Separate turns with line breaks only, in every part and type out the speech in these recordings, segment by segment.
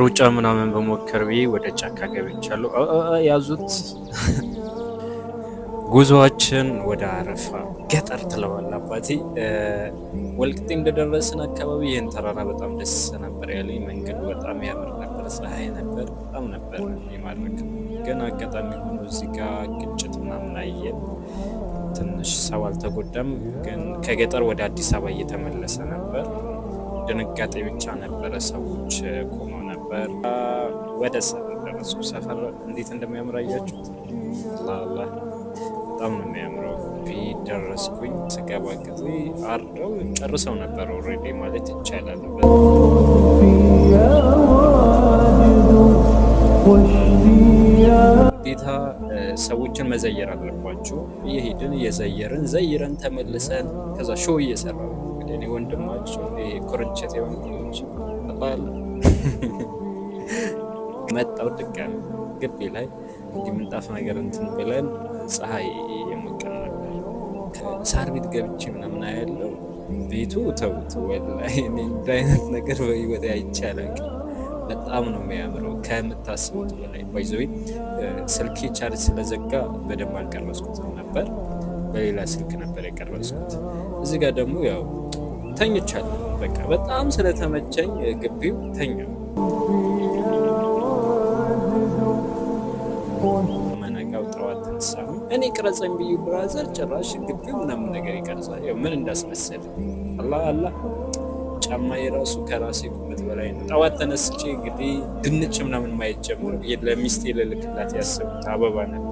ሩጫ ምናምን በሞከር ብዬ ወደ ጫካ ገብቻለሁ። ያዙት። ጉዞአችን ወደ አረፋ ገጠር ትለዋል አባቴ። ወልቅጤ እንደደረስን አካባቢ ይህን ተራራ በጣም ደስ ነበር ያለኝ። መንገዱ በጣም ያምር ነበር፣ ፀሐይ ነበር፣ በጣም ነበር የማድረግ ግን አጋጣሚ ሆኖ እዚህ ጋ ግጭት ምናምን አየን። ትንሽ ሰው አልተጎዳም፣ ግን ከገጠር ወደ አዲስ አበባ እየተመለሰ ነበር። ድንጋጤ ብቻ ነበረ። ሰዎች ቆመ ነበር። ወደ ሰፈር ደረሱ። ሰፈር እንዴት እንደሚያምር አያችሁት? ላላ በጣም ነው የሚያምረው። ደረስኩኝ። ስገባ ጊዜ አርደው ጨርሰው ነበር ኦልሬዲ ማለት ይቻላል። ግዴታ ሰዎችን መዘየር አለባቸው። እየሄድን እየዘየርን ዘይረን ተመልሰን ከዛ ሾው እየሰራ ነው እንግዲህ ወንድማቸው ኮረንቸት የሆነ መጣው ጥቃን ግቢ ላይ እንዲህ ምንጣፍ ነገር እንትን ብለን ፀሐይ የሞቀን ነበር። ከሳር ቤት ገብቼ ምናምን ያለው ቤቱ ተውት፣ ወላሂ እንደ አይነት ነገር በህይወት አይቻልም። በጣም ነው የሚያምረው ከምታስቡት በላይ ባይዘዊ። ስልኬ ቻርጅ ስለዘጋ በደንብ አልቀረጽኩትም ነበር፣ በሌላ ስልክ ነበር የቀረጽኩት። እዚህ ጋር ደግሞ ያው ተኝቻለሁ። በቃ በጣም ስለተመቸኝ ግቢው ተኛው። እኔ ቅረጸኝ ብዬ ብራዘር ጭራሽ ግቢው ምናምን ነገር ይቀርጻል። ያው ምን እንዳስመሰል አላህ አላህ ጫማ የራሱ ከራሴ ቁመት በላይ ነው። ጠዋት ተነስቼ እንግዲህ ድንች ምናምን ማየት ጀምር ለሚስቴ ልልክላት ያሰብኩት አበባ ነበር።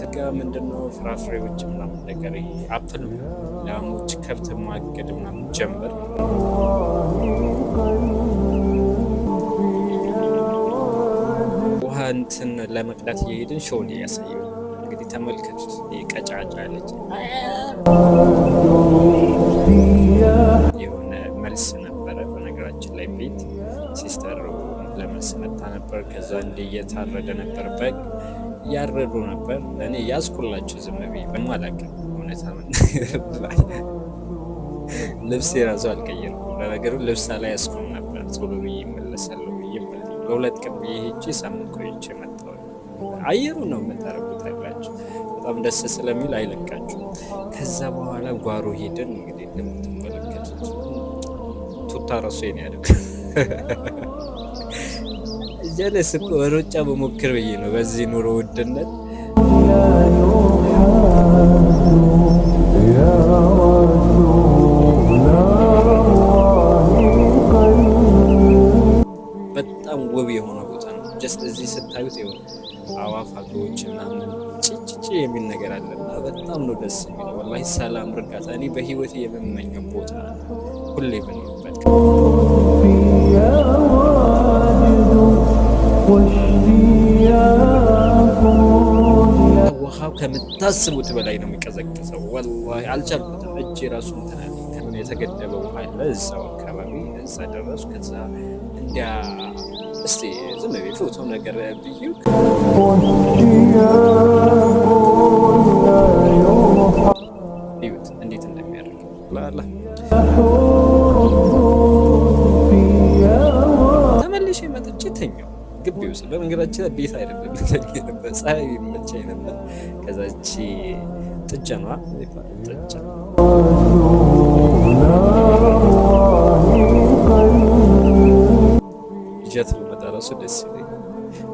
ትጋ ምንድነው ፍራፍሬዎች ምናምን ነገር አፕል፣ ላሞች፣ ከብት ማገድ ምናምን ጀምር ውሃ እንትን ለመቅዳት እየሄድን ሾውን ያሳየው እንግዲህ ተመልከቱት። ቀጫጫ ያለች የሆነ መልስ ነበረ። በነገራችን ላይ ቤት ሲስተር ለመልስ መታ ነበር። ከዛ እንዲ እየታረደ ነበር፣ በግ እያረዱ ነበር። እኔ ያስኩላቸው ዝም ብዬ በማላውቅም እውነታ ልብስ የራሱ አልቀየርኩም። ለነገሩ ልብስ ያስኩም ነበር ቶሎ ብዬ እመለሳለሁ ብዬ ለሁለት ቀን ብዬ ሄጄ ሳምንት ቆይቼ መጣሁ። አየሩ ነው የምታረጉት አላቸው። በጣም ደስ ስለሚል አይለቃችሁ። ከዛ በኋላ ጓሮ ሄደን እንግዲህ እንደምትመለከቱት ቱታ ረሱ ረሱን ያደግ እጀለስ ሮጫ በሞክር ብዬ ነው በዚህ ኑሮ ውድነት ሰላም፣ እርጋታ እኔ በህይወት የምመኘው ቦታ ሁሌ ብንበት ውሃው ከምታስቡት በላይ ነው የሚቀዘቅዘው። ወላሂ አልቻልኩትም። እጅ ራሱ ምትናል የተገደበ ውሃ ያለ እዛው አካባቢ እዛ ደረሱ። ከዛ እንዲያ እስቲ ዝም ብዬ ፎቶ ነገር ብዬ ልብስ በመንገዳችን ቤት አይደለም ነበር፣ ፀሐይ ይመቻኝ ነበር። ከዛች ጥጃ ነዋ ጥጃ ይዣት ብመጣ ራሱ ደስ ይለኛል።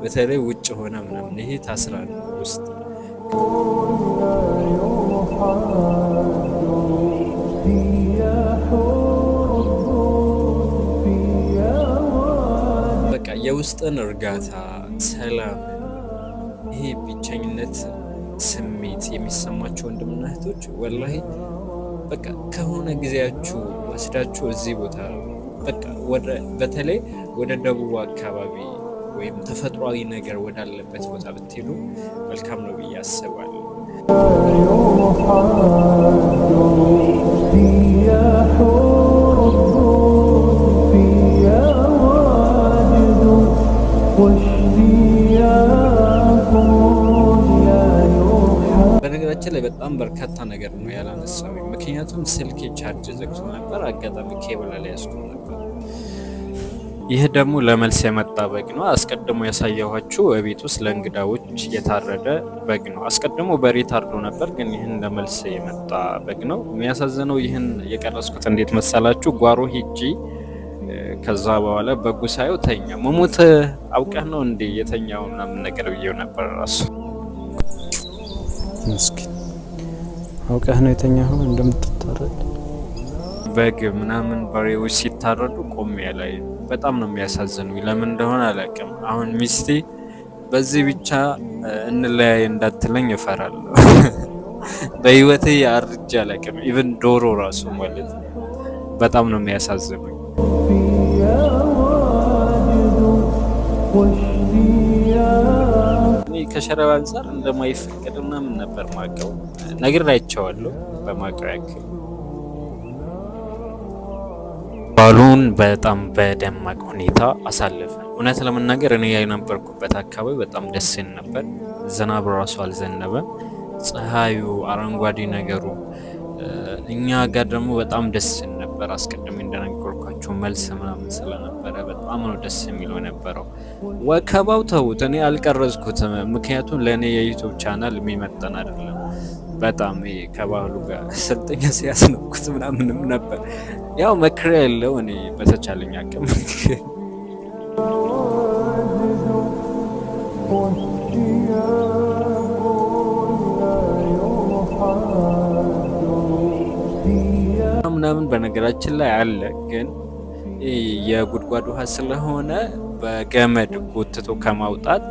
በተለይ ውጭ ሆነ ምናምን ይሄ ታስራ ነው ውስጥ የውስጥን እርጋታ፣ ሰላም ይሄ ብቸኝነት ስሜት የሚሰማቸው ወንድምና እህቶች ወላሂ በቃ ከሆነ ጊዜያችሁ ወስዳችሁ እዚህ ቦታ በቃ በተለይ ወደ ደቡብ አካባቢ ወይም ተፈጥሯዊ ነገር ወዳለበት ቦታ ብትሄዱ መልካም ነው ብዬ አስባለሁ። ላይ በጣም በርካታ ነገር ነው ያላነሳው። ምክንያቱም ስልኬ ቻርጅ ዘግቶ ነበር፣ አጋጣሚ ኬብል ላይ ያስቆ ነበር። ይህ ደግሞ ለመልስ የመጣ በግ ነው። አስቀድሞ ያሳየኋችሁ እቤት ውስጥ ለእንግዳዎች የታረደ በግ ነው። አስቀድሞ በሬ ታርዶ ነበር፣ ግን ይህን ለመልስ የመጣ በግ ነው። የሚያሳዝነው ይህን የቀረስኩት እንዴት መሰላችሁ? ጓሮ ሂጂ ከዛ በኋላ በጉ ሳየው ተኛ። መሞት አውቀህ ነው እንዴ የተኛው ምናምን ነገር ብዬው ነበር ራሱ አውቀህ ነው የተኛኸው እንደምትታረድ በግ ምናምን በሬዎች ሲታረዱ ቆም ላይ በጣም ነው የሚያሳዝኑኝ። ለምን እንደሆነ አላውቅም። አሁን ሚስቴ በዚህ ብቻ እንለያይ እንዳትለኝ እፈራለሁ። በህይወቴ የአርጅ አላውቅም። ኢቨን ዶሮ ራሱ ማለት በጣም ነው የሚያሳዝኑኝ። ከሸረብ አንጻር እንደማይፈቀድ ምናምን ነበር ማቀው ነገር ላይቸዋለሁ በማቀው ያክል ባሉን በጣም በደማቅ ሁኔታ አሳለፈ። እውነት ለመናገር እኔ የነበርኩበት አካባቢ በጣም ደስ ይል ነበር። ዝናብ ራሱ አልዘነበም። ፀሐዩ፣ አረንጓዴ ነገሩ እኛ ጋር ደግሞ በጣም ደስ ነበር። አስቀድሜ እንደነገርኳቸው መልስ ምናምን ስለነበረ በጣም ነው ደስ የሚለው የነበረው። ወከባው ተውት፣ እኔ አልቀረዝኩትም። ምክንያቱም ለእኔ የዩቱብ ቻናል የሚመጠን አይደለም። በጣም ይሄ ከባህሉ ጋር ሰልጠኛ ሲያስነኩት ምናምንም ነበር። ያው መክሬ ያለው እኔ በተቻለኝ አቅም ምናምን በነገራችን ላይ አለ፣ ግን የጉድጓድ ውሃ ስለሆነ በገመድ ጎትቶ ከማውጣት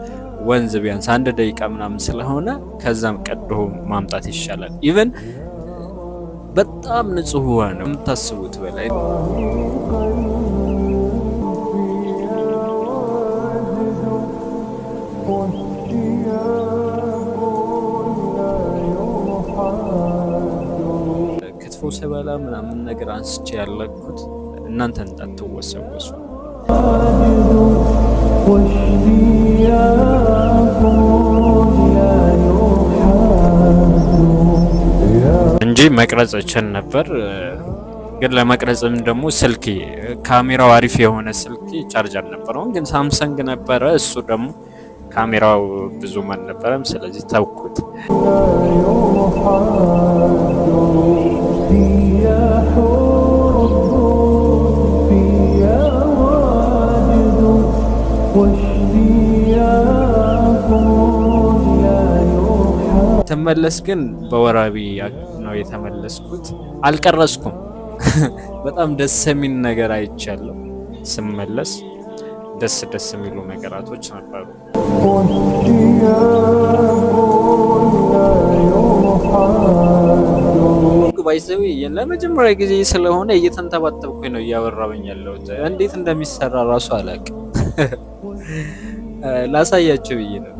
ወንዝ ቢያንስ አንድ ደቂቃ ምናምን ስለሆነ ከዛም ቀድሆ ማምጣት ይሻላል። ኢቨን በጣም ንጹህ ውሃ ነው የምታስቡት በላይ ምናምን ነገር አንስቼ ያለኩት እናንተ እንዳትወሰወሱ። እንጂ መቅረጽ እችል ነበር፣ ግን ለመቅረጽም ደግሞ ስልክ ካሜራው አሪፍ የሆነ ስልክ ቻርጅ አልነበረውም፣ ግን ሳምሰንግ ነበረ። እሱ ደግሞ ካሜራው ብዙም አልነበረም፣ ስለዚህ ተውኩት። ስትመለስ ግን በወራቢ ነው የተመለስኩት። አልቀረጽኩም። በጣም ደስ የሚል ነገር አይቻለሁ። ስመለስ ደስ ደስ የሚሉ ነገራቶች ነበሩ። ባይዘዊ ለመጀመሪያ ጊዜ ስለሆነ እየተንተባተብኩ ነው እያወራበኝ ያለሁት። እንዴት እንደሚሰራ እራሱ አላውቅም። ላሳያቸው ብዬ ነው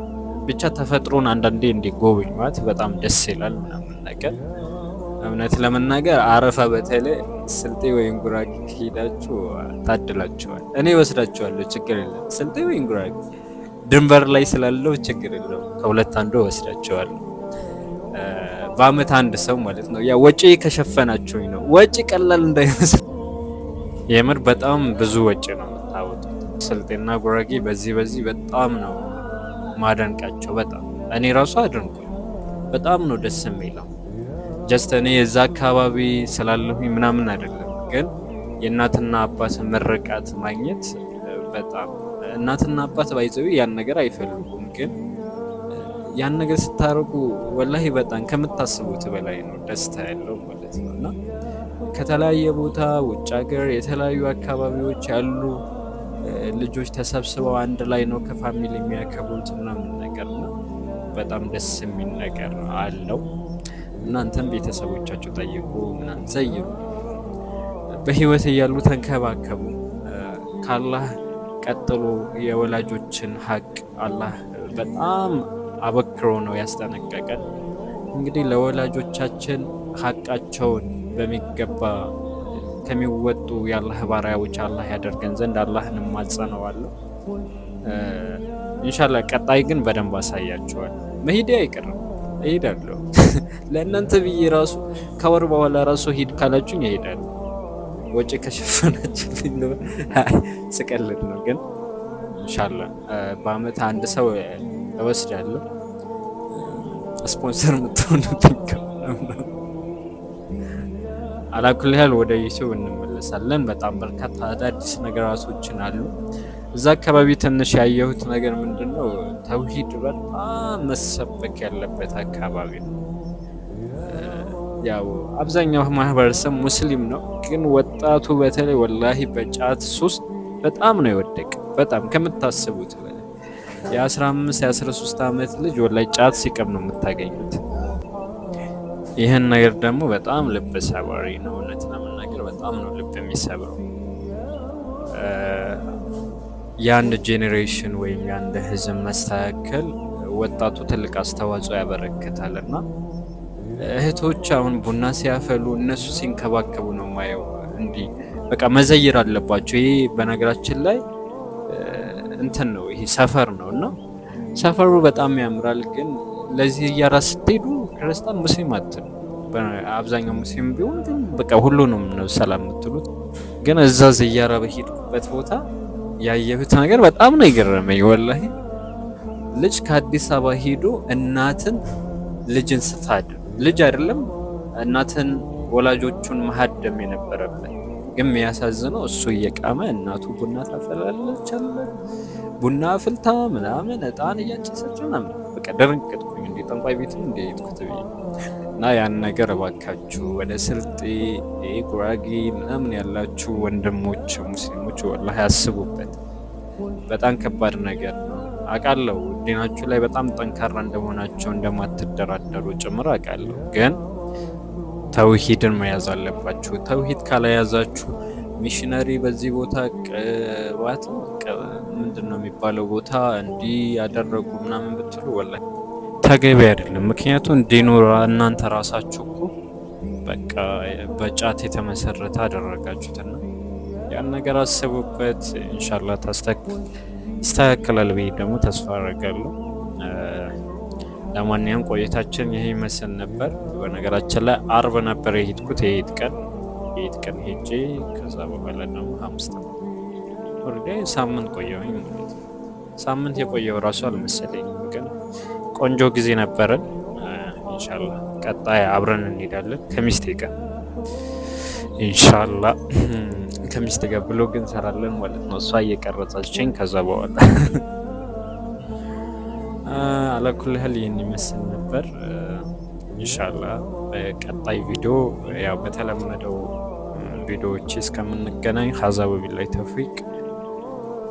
ብቻ ተፈጥሮን አንዳንዴ እንዲጎብኝ ማለት በጣም ደስ ይላል ምናምን ነገር እውነት ለመናገር አረፋ በተለይ ስልጤ ወይም ጉራጌ ከሄዳችሁ ታድላችኋል። እኔ ወስዳችኋለሁ፣ ችግር የለም። ስልጤ ወይም ጉራጌ ድንበር ላይ ስላለው ችግር የለው። ከሁለት አንዱ ወስዳችኋለሁ። በአመት አንድ ሰው ማለት ነው። ያ ወጪ ከሸፈናችሁኝ ነው። ወጪ ቀላል እንዳይመስል የምር በጣም ብዙ ወጪ ነው የምታወጡት። ስልጤና ጉራጌ በዚህ በዚህ በጣም ነው ማደንቃቸው በጣም እኔ ራሱ አድንቆኝ በጣም ነው ደስ የሚለው። ጀስት እኔ የዛ አካባቢ ስላለሁኝ ምናምን አይደለም፣ ግን የእናትና አባት ምርቃት ማግኘት በጣም እናትና አባት ባይዘዊ ያን ነገር አይፈልጉም፣ ግን ያን ነገር ስታደርጉ ወላሂ በጣም ከምታስቡት በላይ ነው ደስታ ያለው ማለት ነው እና ከተለያየ ቦታ ውጭ ሀገር የተለያዩ አካባቢዎች ያሉ ልጆች ተሰብስበው አንድ ላይ ነው ከፋሚሊ የሚያከብሩት ምናምን ነገር ነው። በጣም ደስ የሚል ነገር አለው። እናንተም ቤተሰቦቻቸው ጠይቁ ምናምን ዘይሩ፣ በህይወት እያሉ ተንከባከቡ። ካላህ ቀጥሎ የወላጆችን ሀቅ አላህ በጣም አበክሮ ነው ያስጠነቀቀን። እንግዲህ ለወላጆቻችን ሀቃቸውን በሚገባ ከሚወጡ የአላህ ባሪያዎች አላህ ያደርገን ዘንድ አላህን እማጸነዋለሁ። እንሻላ ቀጣይ ግን በደንብ አሳያቸዋል። መሄዴ አይቀርም እሄዳለሁ። ለእናንተ ብዬ ራሱ ከወር በኋላ ራሱ ሂድ ካላችሁኝ እሄዳለሁ። ወጪ ከሸፈናችሁልኝ ስቀልድ ነው ግን እንሻላ በአመት አንድ ሰው እወስዳለሁ። ስፖንሰር የምትሆኑልኝ አላኩል ያህል ወደ ዩቲዩብ እንመለሳለን። በጣም በርካታ አዳዲስ ነገራቶችን አሉ። እዛ አካባቢ ትንሽ ያየሁት ነገር ምንድን ነው፣ ተውሂድ በጣም መሰበክ ያለበት አካባቢ ነው። ያው አብዛኛው ማህበረሰብ ሙስሊም ነው፣ ግን ወጣቱ በተለይ ወላሂ በጫት ሱስ በጣም ነው የወደቀ። በጣም ከምታስቡት የ15 የ13 ዓመት ልጅ ወላሂ ጫት ሲቀም ነው የምታገኙት። ይህን ነገር ደግሞ በጣም ልብ ሰባሪ ነው። እውነት ለመናገር በጣም ነው ልብ የሚሰብረው። የአንድ ጄኔሬሽን ወይም የአንድ ህዝብ መስተካከል ወጣቱ ትልቅ አስተዋጽኦ ያበረክታል እና እህቶች አሁን ቡና ሲያፈሉ እነሱ ሲንከባከቡ ነው ማየው። እንዲህ በቃ መዘይር አለባቸው። ይሄ በነገራችን ላይ እንትን ነው፣ ይሄ ሰፈር ነው እና ሰፈሩ በጣም ያምራል። ግን ለዚህ ዝያራ ስትሄዱ ክርስቲያን ሙስሊም አትል አብዛኛው ሙስሊም ቢሆን ግን በቃ ሁሉንም ነው ሰላም የምትሉት። ግን እዛ ዝያራ በሄድኩበት ቦታ ያየሁት ነገር በጣም ነው የገረመኝ። ወላሂ ልጅ ከአዲስ አበባ ሄዶ እናትን ልጅን ስታድ ልጅ አይደለም እናትን ወላጆቹን መሀደም የነበረበት የሚያሳዝነው እሱ እየቃመ እናቱ ቡና ታፈላለች አለ ቡና ፍልታ ምናምን እጣን እያጨሰች ምናምን በቃ ደረንቀጥኩኝ። እንዴ ጠንቋይ ቤት እንዴ ትኩት እና ያን ነገር እባካችሁ ወደ ስልጤ ጉራጌ ምናምን ያላችሁ ወንድሞች ሙስሊሞች ወላ ያስቡበት። በጣም ከባድ ነገር ነው አውቃለሁ። ዲናችሁ ላይ በጣም ጠንካራ እንደመሆናቸው እንደማትደራደሩ ጭምር አውቃለሁ ግን ተውሂድን መያዝ አለባችሁ። ተውሂድ ካለያዛችሁ ሚሽነሪ በዚህ ቦታ ቅባት ምንድን ነው የሚባለው ቦታ እንዲህ ያደረጉ ምናምን ብትሉ ወላ ተገቢ አይደለም። ምክንያቱም ዲኑ እናንተ ራሳችሁ እኮ በቃ በጫት የተመሰረተ አደረጋችሁትና ያን ነገር አስቡበት። እንሻላ ይስተካከላል ብዬ ደግሞ ተስፋ አደርጋለሁ። ለማንኛውም ቆይታችን ይሄ ይመስል ነበር። በነገራችን ላይ አርብ ነበር የሄድኩት። የሄድ ቀን የሄድ ቀን ሄጄ ከዛ በኋላ ደግሞ አምስት ወርዳ ሳምንት ቆየሁኝ ማለት ነው። ሳምንት የቆየው ራሱ አልመሰለኝም፣ ግን ቆንጆ ጊዜ ነበረን። ኢንሻላ ቀጣይ አብረን እንሄዳለን ከሚስቴ ቀን ኢንሻላ ከሚስቴ ጋር ብሎ ግን ሰራለን ማለት ነው። እሷ እየቀረጸችኝ ከዛ በኋላ አላኩል ያህል ይህን ይመስል ነበር። ኢንሻላ በቀጣይ ቪዲዮ ያው በተለመደው ቪዲዮዎች እስከምንገናኝ ሀዛ ወቢላይ ተውፊቅ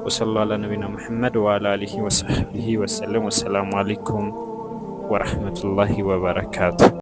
ወሰላ አላ ነቢና ሙሐመድ ወአላ አሊሂ ወሰሕቢሂ ወሰለም። ወሰላሙ አለይኩም ወረሕመቱላሂ ወበረካቱ።